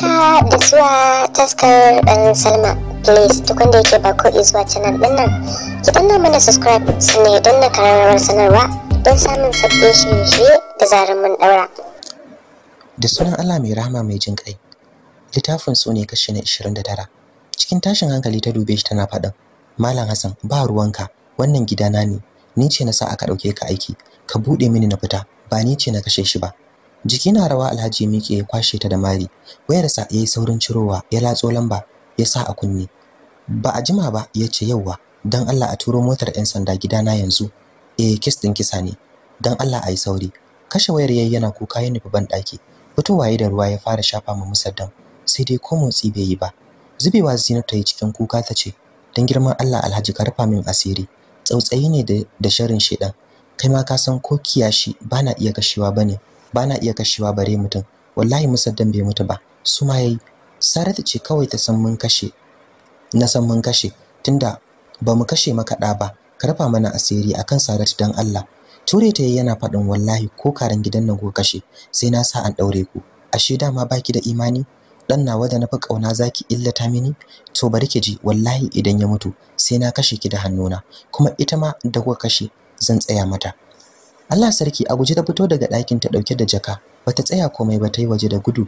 haka da zuwa taskar dan salma please duk wanda yake ba ko zuwa canal din nan ki danna mana subscribe sannan ya danna karamar sanarwa don samun sabbin shirye-shirye da zarar mun daura da sunan allah mai rahama mai jin kai littafin su ne kashi na 29 cikin tashin hankali ta dube shi tana faɗin malam hassan ba ruwanka wannan gidana ne ni ce na sa aka ɗauke ka aiki ka buɗe mini na fita ba ni ce na kashe shi ba jiki na rawa alhaji miƙe ya kwashe ta da mari wayarsa ya yi saurin cirowa ya latso lamba ya sa a kunne ba a jima ba ya ce yauwa don allah a turo motar 'yan sanda gidana yanzu eh kis ɗin kisa ne don allah a yi sauri kashe wayar yayi yana kuka ya nufi banɗaki fitowaye da ruwa ya fara shafa ma musaddam sai dai ko motsi bai yi ba zubewa zinar ta yi cikin kuka ta ce don girman allah alhaji ka rufa min asiri tsautsayi ne da sharin shedan kai ma ka san ko kiyashi ba na iya kashewa bane Bana iya kashewa bare mutum wallahi musaddan bai mutu ba su ma yayi saratu ce kawai ta san mun kashe na san mun kashe tunda ba mu kashe maka ɗa ba ka rafa mana asiri akan saratu dan Allah ture ta yana faɗin wallahi ko karan gidan nan ko kashe sai na sa an daure ku ashe dama baki da imani dan nawa da nafi kauna zaki illata mini to bari ki ji wallahi idan ya mutu sai na kashe ki da hannuna kuma ita ma da kuka kashe zan tsaya mata Allah sarki a guje ta fito daga ɗakin ta ɗauke da jaka bata tsaya komai ba ta yi waje da gudu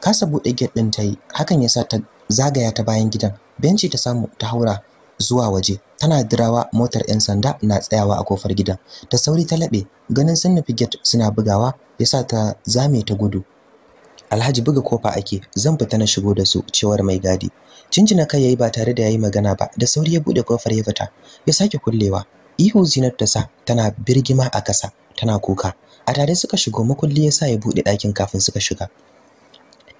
kasa buɗe gate ɗin ta yi hakan yasa ta zagaya ta bayan gidan benci ta samu ta haura zuwa waje tana dirawa motar 'yan sanda na tsayawa a kofar gidan ta sauri ta laɓe ganin sun nufi gate suna bugawa yasa ta zame ta gudu Alhaji buga kofa ake zan fita na shigo da su cewar mai gadi. Jinjina kai yayi ba tare da yayi magana ba da sauri ya buɗe kofar ya fita ya sake kullewa ihu zinab da sa tana birgima a ƙasa, tana kuka a tare suka shigo makulli ya sa ya buɗe ɗakin kafin suka shiga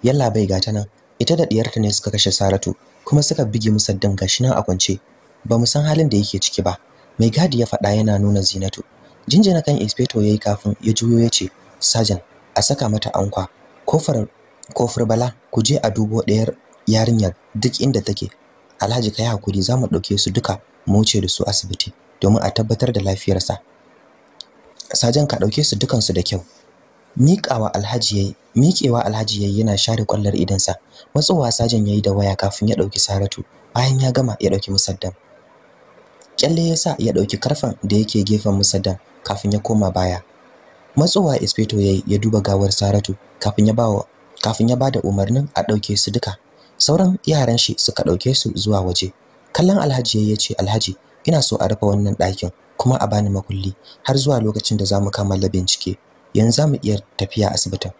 yalla bai gata nan ita da ɗiyarta ne suka kashe saratu kuma suka bige musaddam gashi nan a kwance ba mu san halin da yake ciki ba mai gadi ya faɗa yana nuna zinatu jinjina kan inspector yayi kafin ya juyo ya ce Sajan. a saka mata ankwa kofar kofar bala ku je a dubo ɗayar yarinyar duk inda take alhaji kai hakuri za mu ɗauke su duka mu wuce da su asibiti domin a tabbatar da lafiyarsa sajan ka dauke su dukansu da kyau miƙawa alhaji yayi miƙewa alhaji yayi yana share kwallar idansa matsowa sajan yayi da waya kafin ya dauki saratu bayan ya gama ya dauki musaddam kyalle yasa ya dauki karfan da yake gefen musaddam kafin ya koma baya matsowa ispeto yayi ya duba gawar saratu kafin ya bawo kafin ya bada umarnin a dauke su duka sauran yaran shi suka dauke su zuwa waje kallon alhaji yayi ya ce alhaji ina so a rufe wannan ɗakin kuma a bani makulli har zuwa lokacin da zamu kammala bincike yanzu za mu iya tafiya asibitin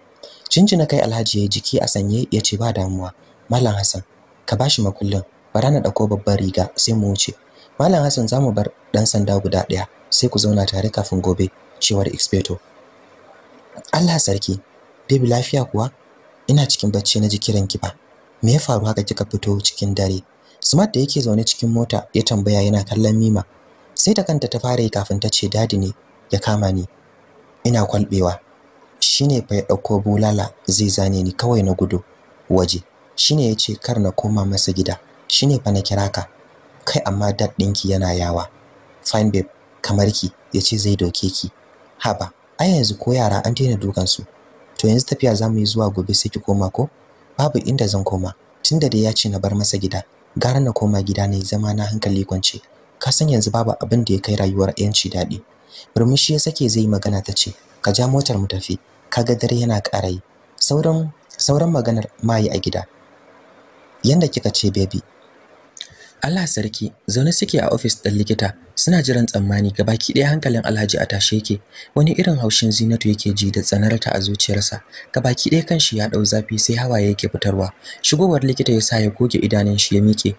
na kai alhaji ya jiki a sanye ya ce ba damuwa malam hassan ka bashi makullin bara na ɗauko babbar riga sai mu wuce malam hassan zamu bar ɗan sanda guda ɗaya sai ku zauna tare kafin gobe cewar expeto allah sarki baby lafiya kuwa ina cikin bacci na ji kiran ki ba me ya faru haka kika fito cikin dare Smart da yake zaune cikin mota ya tambaya yana kallon Mima. Sai ta kanta ta fara yi kafin ta ce dadi ne ya kama ni. Ina kwalbewa. Shine fa ya dauko bulala zai zane ni kawai na gudu waje. Shine ya ce kar na koma masa gida. Shine fa na kira ka. Kai amma dad dinki yana yawa. Fine babe kamar ki ya ce zai doke ki. Haba, ai yanzu ko yara an daina dukansu. To yanzu tafiya zamu yi zuwa gobe sai ki koma ko? Babu inda zan koma. Tunda da ya ce na bar masa gida, gara na koma gida na yi zama na hankali kwance ka san yanzu babu abin da ya kai rayuwar yanci daɗi murmushi ya sake zai magana ta ce ka ja motar mu tafi kaga dare yana ƙarai. sauran sauran maganar mayi a gida yanda kika ce baby Allah sarki zaune suke a ofis ɗin likita suna jiran tsammani gabaki ɗaya hankalin Alhaji a tashe yake wani irin haushin Zinatu yake ji da tsanarta a zuciyarsa gabaki ɗaya kanshi ya ɗau zafi sai hawaye yake fitarwa shigowar likita ya sa ya goge idanun shi ya miƙe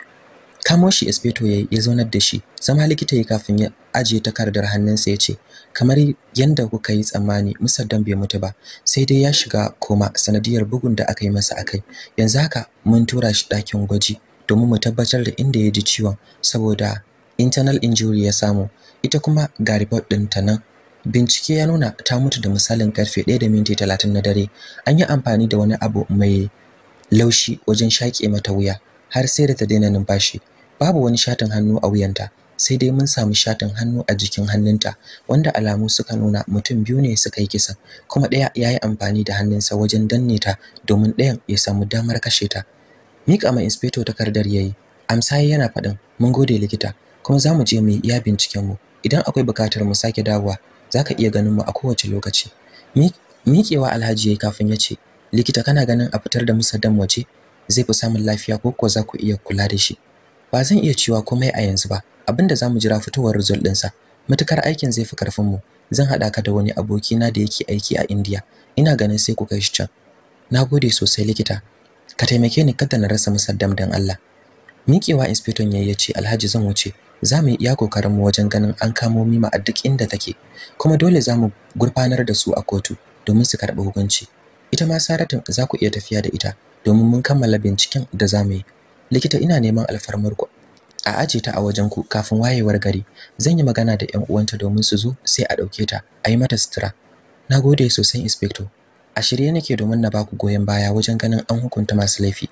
kamo shi espeto ya ya zaunar da shi zama likita ya kafin ya ajiye takardar hannunsa ya ce kamar yanda kuka yi tsammani musaddan bai mutu ba sai dai ya shiga koma sanadiyar bugun da aka yi masa akai yanzu haka mun tura shi ɗakin gwaji domin mu tabbatar da inda ya ji ciwon saboda internal injury ya samu ita kuma ga report din ta nan bincike ya nuna ta mutu da misalin karfe 1 da minti 30 na dare an yi amfani da wani abu mai laushi wajen shaƙe mata wuya har sai da ta daina numfashi babu wani shatin hannu a wuyanta sai dai mun samu shatin hannu a jikin hannunta wanda alamu suka nuna mutum biyu ne suka yi kisan kuma ɗaya ya yi amfani da hannunsa wajen danne ta domin ɗayan ya samu damar kashe ta mika ma inspector takardar yayi amsa yana faɗin mun gode likita kuma za mu je mu iya binciken mu idan akwai bukatar mu sake dawowa zaka iya ganin mu a kowace lokaci miƙewa alhaji yayi kafin ya ce likita kana ganin a fitar da musa dan waje zai fi samun lafiya ko ko za ku iya kula da shi ba zan iya cewa komai a yanzu ba abinda zamu jira fitowar result sa. matukar aikin zai fi karfin mu zan haɗa ka da wani abokina da yake aiki a India ina ganin sai ku kai shi can nagode sosai likita ka taimake ni kada na rasa musaddam dan Allah miƙewa inspector yayin yace Alhaji zan wuce za mu iya kokarin mu wajen ganin an kamo Mima a duk inda take kuma dole za mu gurfanar da su a kotu domin su karɓi hukunci ita ma Saratu za ku iya tafiya da ita domin mun kammala binciken da za mu yi likita ina neman alfarmar ku a aje ta a wajen ku kafin wayewar gari zan yi magana da ƴan uwanta domin su zo sai a dauke ta a yi mata sutura nagode sosai inspector a shirye nake domin na baku goyon baya wajen ganin an hukunta masu laifi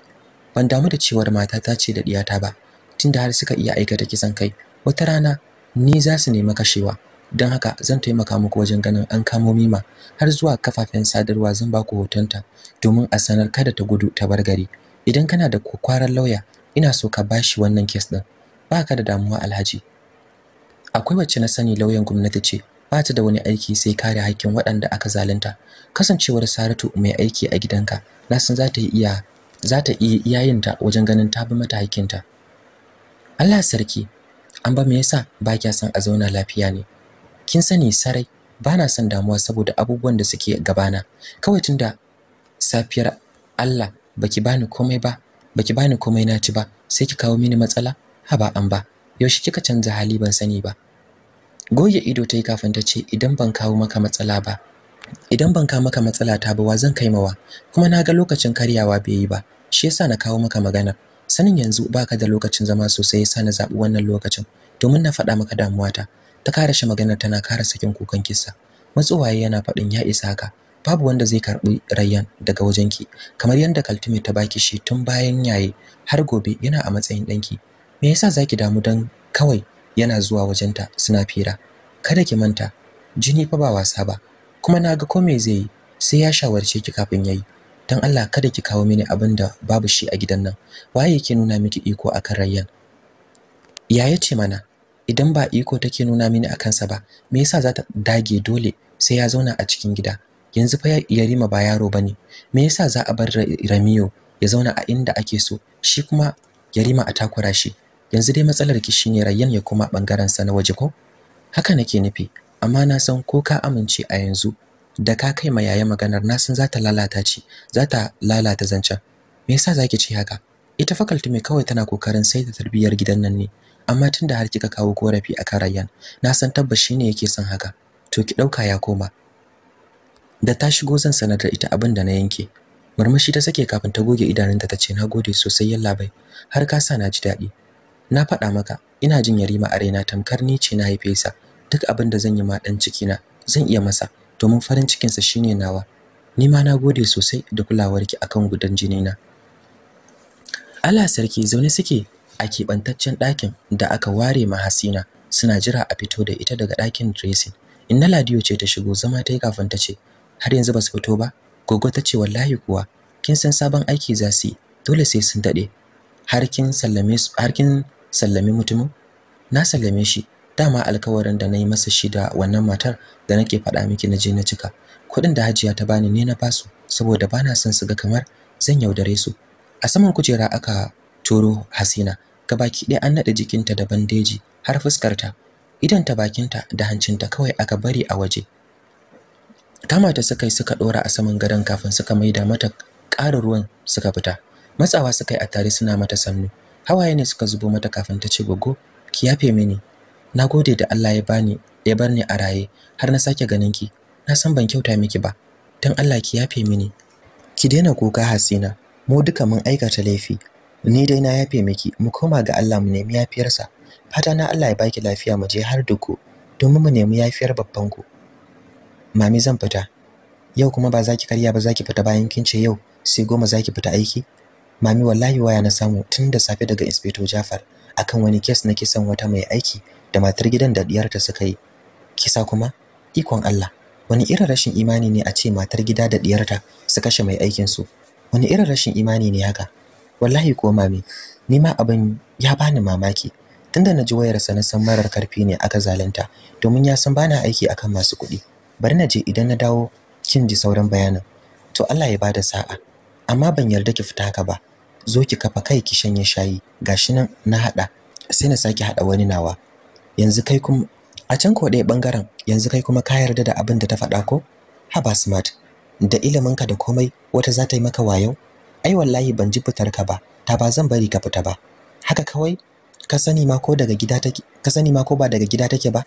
ban damu da cewar ta ce da diyata ba tunda har suka iya aikata kisan kai wata rana ni za su nemi kashewa don haka zan taimaka muku wajen ganin an kamo mima har zuwa kafafen sadarwa zan ba ku hotonta domin a sanar kada ta gudu ta bar gari idan kana da kwakwaran lauya ina so ka bashi wannan kes din ba ka da damuwa alhaji akwai wacce na sani lauyan gwamnati ce bata da wani aiki sai kare haƙƙin waɗanda aka zalunta kasancewar Saratu mai aiki a gidanka na san za ta iya za ta iya iyayinta wajen ganin ta bi mata haƙƙinta. Allah sarki an ba me yasa ba kya san a zauna lafiya ne kin sani sarai bana son damuwa saboda abubuwan da suke gabana kawai tunda safiyar Allah baki bani komai ba baki bani komai na ci ba sai ki kawo mini matsala haba an ba yaushe kika canza hali ban sani ba goye ido ta kafin ta ce idan ban kawo maka matsala ba idan ban kawo maka matsala ta ba wa zan kai mawa kuma na ga lokacin karyawa bai yi ba shi yasa na kawo maka magana sanin yanzu baka da lokacin zama sosai yasa na zaɓi wannan lokacin domin na faɗa maka damuwa ta kare shi maganar tana kara sakin kukan kissa matsowaye yana faɗin ya isa ka babu wanda zai karɓi rayyan daga wajen ki kamar yadda kaltume ta baki shi tun bayan yaye har gobe yana a matsayin ɗanki me yasa zaki damu dan kawai yana zuwa wajenta suna fira kada ki manta jini fa ba wasa ba kuma na ga ko me zai yi sai ya shawarce ki kafin yayi dan Allah kada ki kawo mini abin da babu shi a gidan nan waye yake nuna miki iko akan rayyan ya yace mana idan ba iko take nuna mini akan sa ba me yasa za ta dage dole sai ya zauna a cikin gida yanzu fa ya rima ba yaro bane me yasa za a bar Ramiyo ya zauna a inda ake so shi kuma ya rima a takura shi yanzu dai matsalar ki shine Rayyan ya koma bangaren sa na waje ko haka nake nufi amma na san ko ka amince a yanzu da ka kai ma yaya maganar na san zata lalata ci zata lalata zancen me yasa zaki ce haka ita faculty mai kawai tana kokarin sai da tarbiyyar gidan nan ne amma tunda har kika kawo korafi akan Rayyan na san tabbas shine yake son haka to ki dauka ya koma da ta shigo zan sanar da ita abin da na yanke murmushi ta sake kafin ta goge idanunta ta ce nagode sosai yallabai har ka sa na ji daɗi na faɗa maka ina jin yarima a raina tamkar ni ce na haife sa duk abin da zan yi ma dan ciki na zan iya masa domin farin cikin sa shine nawa ni ma na gode sosai da kulawarki akan gudan jini na Allah sarki zaune suke a keɓantaccen ɗakin da aka ware ma Hasina suna jira a fito da ita daga ɗakin dressing na ladiyo ce ta shigo zama ta yi kafin ta ce har yanzu ba su fito ba gogo ta ce wallahi kuwa kin san sabon aiki za su yi dole sai sun daɗe har kin sallame su har kin Sallame mutumin na sallame shi dama alkawarin da na yi masa shi da wannan matar da nake faɗa miki na je na cika kuɗin da hajiya ta bani ne na basu saboda bana son su ga kamar zan yaudare su a saman kujera aka turo hasina gabaki ɗaya an naɗe jikinta da bandeji har fuskarta ta bakinta da hancinta kawai aka bari a waje kama ta suka yi suka ɗora a saman gadon kafin suka maida mata ƙara ruwan suka fita matsawa suka yi a tare suna mata sannu hawaye ne suka zubo mata kafin ta ce gogo ki yafe mini na gode da Allah ya bani ya bar ni a raye har na sake ganin ki na san ban kyauta miki ba dan Allah ki yafe mini ki daina kuka hasina mu duka mun aikata laifi ni dai na yafe miki mu koma ga Allah mu nemi yafiyarsa fata na Allah ya baki lafiya mu je har duku domin mu nemi yafiyar babban ku mami zan fita yau kuma ba za ki karya ba za ki fita bayan kin ce yau sai goma za ki fita aiki mami wallahi waya na samu tun da safe daga inspector Jafar akan wani case na kisan wata mai aiki da matar gidan da diyarta suka yi kisa kuma ikon Allah wani irin rashin imani ne a ce matar gida da diyarta su kashe mai aikin su wani irin rashin imani ne haka wallahi ko mami ni ma abin ya bani mamaki tunda na ji wayarsa na san marar karfi ne aka zalunta domin ya san bana aiki akan masu kuɗi bari na je idan na dawo kin ji sauran bayanin to Allah ya bada sa'a amma ban yarda ki fita haka ba zo ki kafa kai ki shanye shayi gashi nan na hada sai na saki hada wani nawa yanzu kai kuma a can ko ɗaya bangaren yanzu kai kuma ka yarda da abin da ta faɗa ko haba smart da ka da komai wata za ta yi maka wayo ai wallahi ban ji fitar ka ba ta ba zan bari ka fita ba haka kawai ka sani ma ko daga gida take ka sani ma ko ba daga gida take ba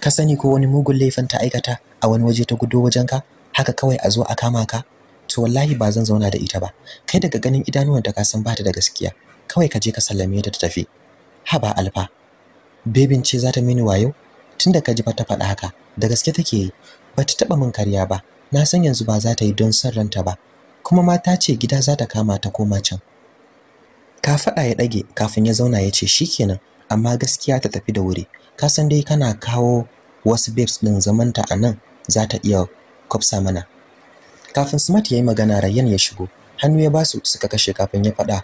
ka sani ko wani mugun laifin ta aikata a wani waje ta gudo wajenka haka kawai a zo a kama ka to wallahi ba zan zauna da ita ba kai daga ganin idanuwan da ka san ba ta da gaskiya kawai ka je ka sallame ta ta tafi haba alfa bebin ce za ta mini wayo tunda ka ji fa ta faɗa haka da gaske take yi ba ta taɓa min karya ba na san yanzu ba za ta yi don son ranta ba kuma mata ce gida za ta kama ta koma can ka faɗa ya ɗage kafin ya zauna ya ce shi kenan, amma gaskiya ta tafi da wuri ka san dai kana kawo wasu babes ɗin zamanta a nan za ta iya kwafsa mana kafin smart ya yi magana rayyan ya shigo hannu ya basu suka kashe kafin ya faɗa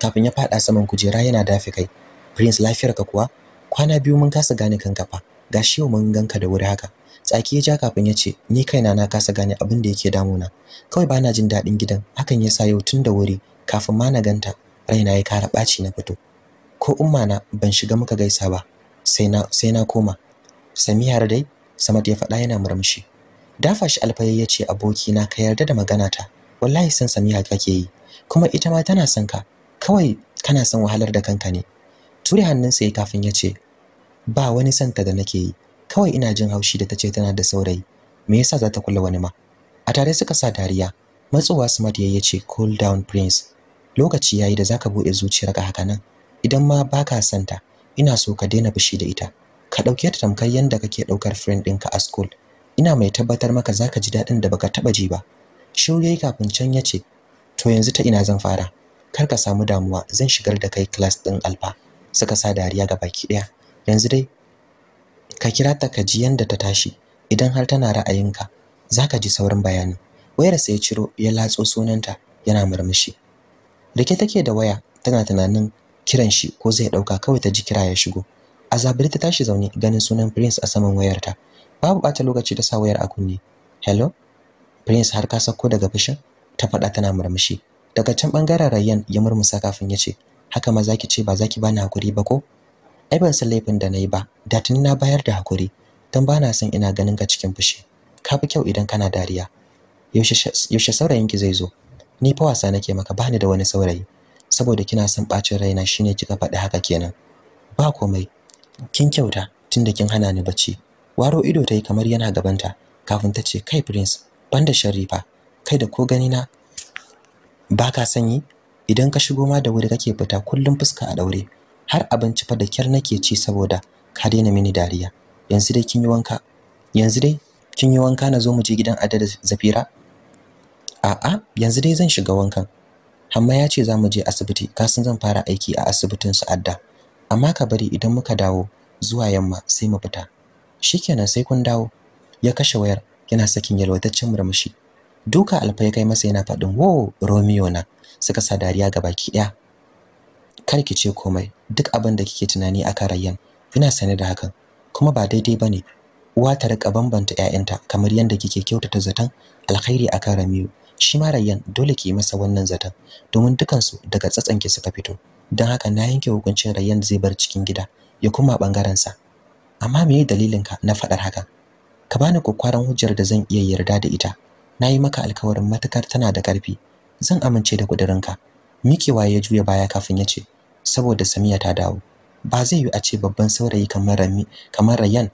kafin ya fada saman kujera yana dafe kai prince ka kuwa kwana biyu mun kasa gane kanka fa gashi yau mun ganka da wuri haka tsaki ya ja kafin ya ce ni kaina na kasa gane abin da yake damuna kawai bana jin daɗin gidan hakan ya sa yau tun da wuri kafin ma na ganta raina ya kara ɓaci na fito ko umma na ban shiga muka gaisa ba sai na sai na koma samiyar dai samad ya faɗa yana murmushi dafa shi alfayi ya ce abokina ka yarda da maganata wallahi san samiya kake yi kuma ita ma tana son ka kawai kana son wahalar da kanka ne ture hannunsa ya kafin yace ba wani santa da nake yi kawai ina jin haushi da tace tana da saurayi me yasa za ta kula wani ma a tare suka sa dariya matsowa smart yayi ce cool down prince lokaci yayi da zaka zuciyar ka haka nan idan ma baka santa ina so ka daina bishi da ita ka dauke ta tamkar yanda kake ɗaukar friend ɗinka a school ina mai tabbatar maka zaka ji dadin da baka taɓa ji ba shiru kafin can ya ce to yanzu ta ina zan fara kar ka samu damuwa zan shigar da kai class ɗin alfa suka sa dariya ga baki ɗaya yanzu dai ka kira ta ka ji yanda ta tashi idan har tana ra'ayinka zaka ji saurin bayani wayarsa ya ciro ya latso sunanta yana murmushi rike take da waya tana tunanin kiran shi ko zai dauka kawai ta ji kira ya shigo azabir ta tashi zaune ganin sunan prince a saman wayarta babu bata lokaci da sa wayar a kunne hello prince har ka sako daga fushin ta faɗa tana murmushi daga can bangaren rayyan ya murmusa kafin ya ce haka ma zaki ce ba zaki bani hakuri ba ko ai ban san laifin da nayi ba da tuni na bayar da hakuri dan bana son ina ganin ka cikin fushi ka fi kyau idan kana dariya yaushe yaushe ki zai zo ni fa wasa nake maka bani da wani saurayi saboda kina son bacin raina shine kika faɗi haka kenan ba komai kin kyauta tunda kin hana ni bacci waro ido ta yi kamar yana gabanta kafin ta ce kai prince banda sharifa kai da ko gani na baka sanyi idan ka shigo ma da wuri kake fita kullum fuska a daure har abinci fa da kyar nake ci saboda ka daina mini dariya yanzu dai kin yi wanka yanzu dai kin yi wanka na zo mu je gidan Ada da Zafira a'a yanzu dai zan shiga wankan Hamma ya ce za mu je asibiti kasan zan fara aiki a asibitin su Adda amma ka bari idan muka dawo zuwa yamma sai mu fita shikenan sai kun dawo ya kashe wayar yana sakin yalwataccen murmushi duka alfa ya kai masa yana faɗin wo romeo na suka sa dariya ga baki ɗaya kar ki ce komai duk abin da kike tunani akan rayyan ina sane da hakan kuma ba daidai bane uwa ta rika bambanta ƴaƴanta kamar yadda kike kyautata zaton alkhairi akan ramiyo shi ma rayyan dole ki yi masa wannan zaton domin dukansu daga tsatsanki suka fito don haka na yanke hukuncin rayyan zai bar cikin gida ya kuma bangaren sa amma me ye dalilinka na faɗar haka ka bani kokarin hujjar da zan iya yarda da ita nayi maka alkawarin matakar tana da karfi zan amince da kudirinka mikewa ya juya baya kafin ya ce saboda Samiya ta dawo ba zai yi a ce babban saurayi kamar Rami kamar rayan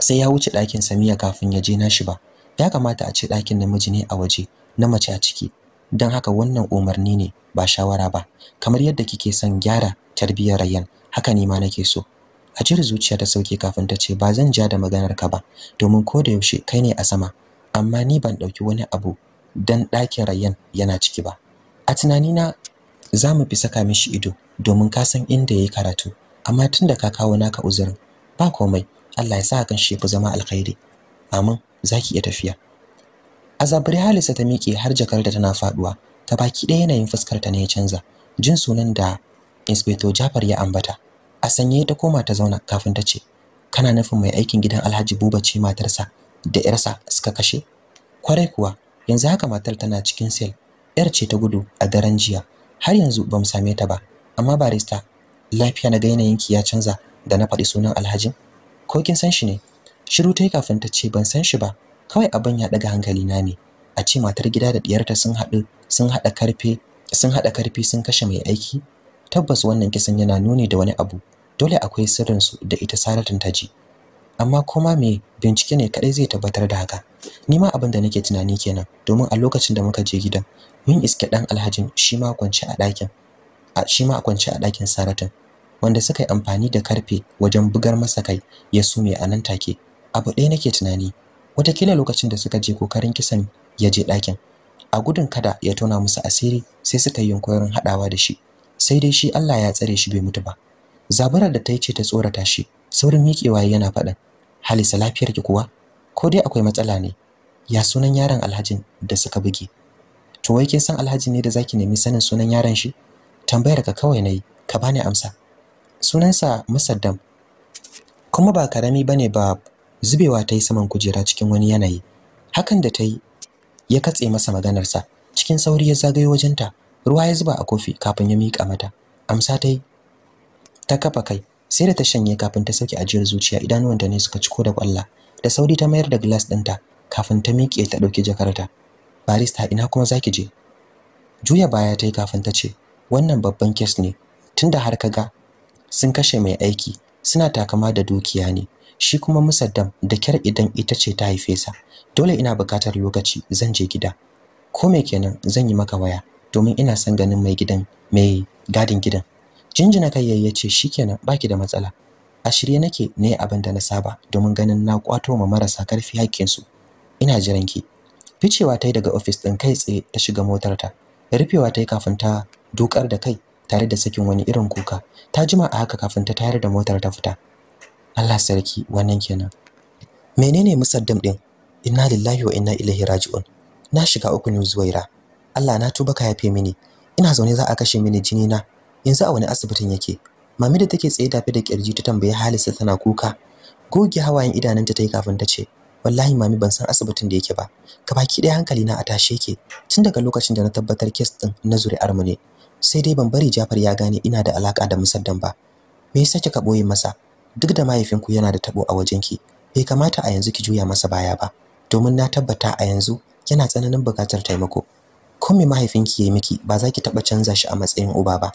sai ya wuce ɗakin Samiya kafin ya je nashi ba ya kamata a ce ɗakin namiji ne a waje na mace a ciki don haka wannan umarni ne ba shawara ba kamar yadda kike son gyara tarbiyyar rayan haka ne ma nake so a cire zuciya ta sauke kafin ta ce ba zan ja da maganar ka ba domin ko da yaushe kai ne a sama amma ni ban dauki wani abu dan ɗakin rayyan yana ciki ba a na za mu fi saka mishi ido domin ka san inda yi karatu amma tunda ka kawo naka uzurin ba komai Allah ya sa kan shi fi zama alkhairi amin zaki iya tafiya azabri halisa ta miƙe har jakarta tana faduwa ta baki ɗaya yanayin fuskarta ta ne ya canza jin sunan da inspector Jafar ya ambata a sanye ta koma ta zauna kafin ta ce kana nufin mai aikin gidan Alhaji Buba ce matarsa da yarsa suka kashe kwarai kuwa yanzu haka matar tana cikin sel yar ce ta gudu a daren jiya har yanzu ba mu same ta ba amma barista lafiya na ga yanayinki ya canza da na faɗi sunan Alhaji ko kin san shi ne shiru ta yi kafin ta ce ban san shi ba kawai abin ya daga hankali na ne a ce matar gida da ɗiyarta sun haɗu sun haɗa karfe sun haɗa karfi sun kashe mai aiki tabbas wannan kisan yana nuni da wani abu dole akwai sirrin su da ita Saratu ta ji amma kuma me bincike ne kadai zai tabbatar da haka ni ma abin da nake tunani kenan domin a lokacin da muka je gidan mun iske dan Alhajin shi ma kwance a ɗakin a shi ma kwance a ɗakin Saratun wanda suka yi amfani da karfe wajen bugar masa kai ya sume a nan take abu ɗaya nake tunani watakila lokacin da suka je kokarin kisan ya je ɗakin a gudun kada ya tona musu asiri sai suka yi yunkurin haɗawa da shi sai dai shi Allah ya tsare shi bai mutu ba zabara da ta yi ce ta tsorata shi saurin miƙewa yana faɗin halisa lafiyar ki kuwa ko dai akwai matsala ne ya sunan yaron alhajin da suka buge to wai kin san alhaji ne da zaki nemi sanin sunan yaron shi tambayar ka kawai nayi ka bani amsa sunansa musaddam kuma ba karami bane ba zubewa ta yi saman kujera cikin wani yanayi hakan da ta yi ya katse masa maganarsa cikin sauri ya zagayo wajenta ruwa ya zuba a kofi kafin ya miƙa mata amsa ta yi ta kafa kai sai da ta shanye kafin ta sauke ajiyar zuciya idanuwanta ne suka ciko da kwalla da sauri ta mayar da glass ɗinta kafin ta miƙe ta ɗauki jakarta barista ina kuma zaki je juya baya ta yi kafin ta ce wannan babban kes ne tunda har ka ga sun kashe mai aiki suna takama da dukiya ne shi kuma musaddam da kyar idan ita ce ta haife sa dole ina bukatar lokaci zan je gida ko me kenan zan yi maka waya domin ina son ganin mai gidan mai gadin gidan jinjina kai yayye shi shikenan baki da matsala a shirye nake ne abin da na saba domin ganin na kwato ma marasa karfi hakkin su ina jiran ki ficewa tai daga office din kai tsaye ta shiga motar ta rufewa tai kafin ta dukar da kai tare da sakin wani irin kuka ta jima a haka kafin ta tayar da motar ta fita Allah sarki wannan kenan menene musaddam din inna lillahi wa inna ilaihi raji'un na shiga uku ne zuwaira Allah na tuba ka yafe mini ina zaune za a kashe mini jini na yanzu a wani asibitin yake mami da take tsaye dafe da kirji ta tambaye Halisa tana kuka goge hawayen idanunta ta yi kafin ta ce wallahi mami ban san asibitin da yake ba ka baki ɗaya hankali na a tashe yake tun daga lokacin da na tabbatar kes din na zuri'ar mu ne sai dai ban bari Jafar ya gane ina da alaka da musaddan ba me yasa kika boye masa duk da mahaifinku yana da tabo a ki, bai kamata a yanzu ki juya masa baya ba domin na tabbata a yanzu yana tsananin buƙatar taimako ko me mahaifinki yayi miki ba za ki taba canza shi a matsayin uba ba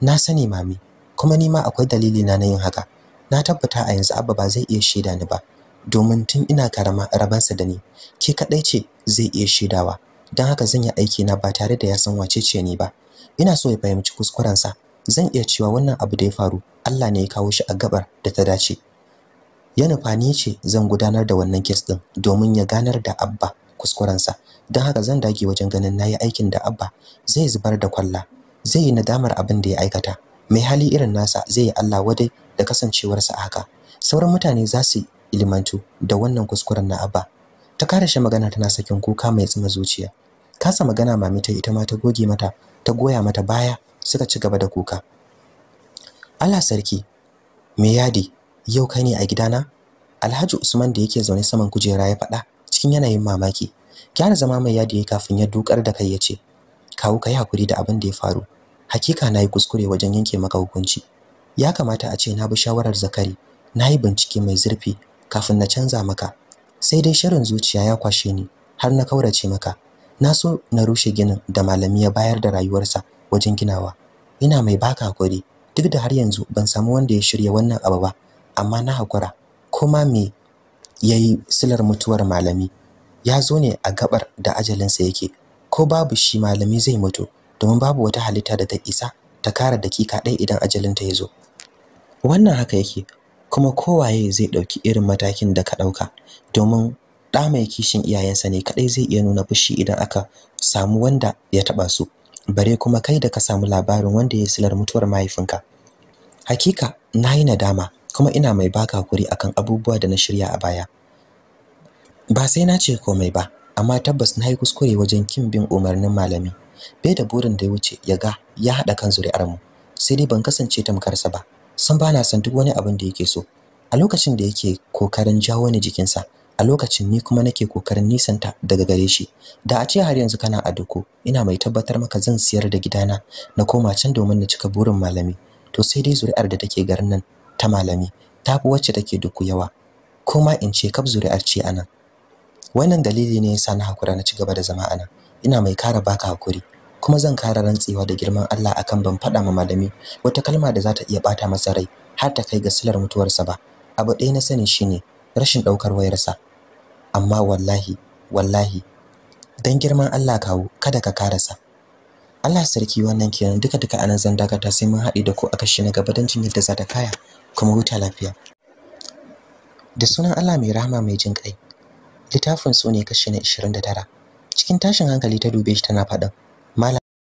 na sani mami kuma ni ma akwai dalili na yin haka na tabbata a yanzu abba ba zai iya shaida ni ba domin tun ina karama sa da ni ke kadai ce zai iya shaidawa don haka zan yi aiki na ba tare da ya san wace ce ni ba ina so ya fahimci kuskuren sa zan iya cewa wannan abu da ya faru Allah ne ya kawo shi a gabar da ta dace ya nufa ni ce zan gudanar da wannan kes din domin ya ganar da abba kuskurensa don haka zan dage wajen ganin nayi aikin da abba zai zubar da kwalla zai yi nadamar abin da ya aikata mai hali irin nasa zai yi Allah wadai da kasancewarsa a haka sauran mutane za su ilimantu da wannan kuskuren na abba ta karashe magana tana sakin kuka mai tsima zuciya kasa magana mami ta ita ma ta goge mata ta goya mata baya suka ci gaba da kuka Allah sarki me yadi yau kai ne a gidana Alhaji Usman da yake zaune saman kujera ya faɗa cikin yanayin mamaki gyara zama mai yadi yayi kafin ya dukar da kai ya ce kawo ka yi hakuri da abin da ya faru hakika na yi kuskure wajen yanke maka hukunci ya kamata a ce na bi shawarar zakari na yi bincike mai zurfi kafin na canza maka sai dai shirin zuciya ya kwashe ni har na kaurace maka na so na rushe ginin da malami ya bayar da rayuwarsa wajen ginawa ina mai baka hakuri duk da har yanzu ban samu wanda ya shirya wannan abu ba amma na hakura kuma me ya yi silar mutuwar malami ya zo ne a gabar da ajalinsa yake ko babu shi malami zai mutu domin babu wata halitta da ta isa ta kara dakika ɗaya idan ajalinta ya zo wannan haka yake kuma kowaye zai ɗauki irin matakin da ka ɗauka domin ɗa mai kishin iyayensa ne kaɗai zai iya nuna fushi idan aka samu wanda ya taɓa su bare kuma kai da ka samu labarin wanda ya silar mutuwar mahaifinka hakika na yi nadama kuma ina mai baka hakuri akan abubuwa da na shirya a baya ba sai na ce komai ba amma tabbas na yi kuskure wajen kin bin umarnin malami bai da burin da ya wuce ya ga ya haɗa kan zuri'ar mu sai dai ban kasance tamkarsa ba san ba na san duk wani abin da yake so a lokacin da yake kokarin jawo ni jikinsa a lokacin ni kuma nake kokarin nisanta daga gare shi da a ce har yanzu kana a duku ina mai tabbatar maka zan siyar da gidana na koma can domin na cika burin malami to sai dai zuri'ar da take garin nan ta malami tafi wacce take duku yawa kuma in ce kab zuri'ar ce anan wannan dalili ne yasa na hakura na cigaba da zama anan ina mai kara baka hakuri kuma zan kara rantsewa da girman Allah akan ban faɗa ma malami wata kalma da za ta iya bata masa rai har ta kai ga silar mutuwarsa ba abu ɗaya na sani shine rashin ɗaukar wayarsa amma wallahi wallahi dan girman Allah kawo kada ka karasa Allah sarki wannan kenan duka duka anan zan dakata sai mun haɗe da ku a kashi na gaba don jin yadda za ta kaya kuma huta lafiya da sunan Allah mai rahama mai jin kai littafin su ne kashi na 29 cikin tashin hankali ta dube shi tana faɗin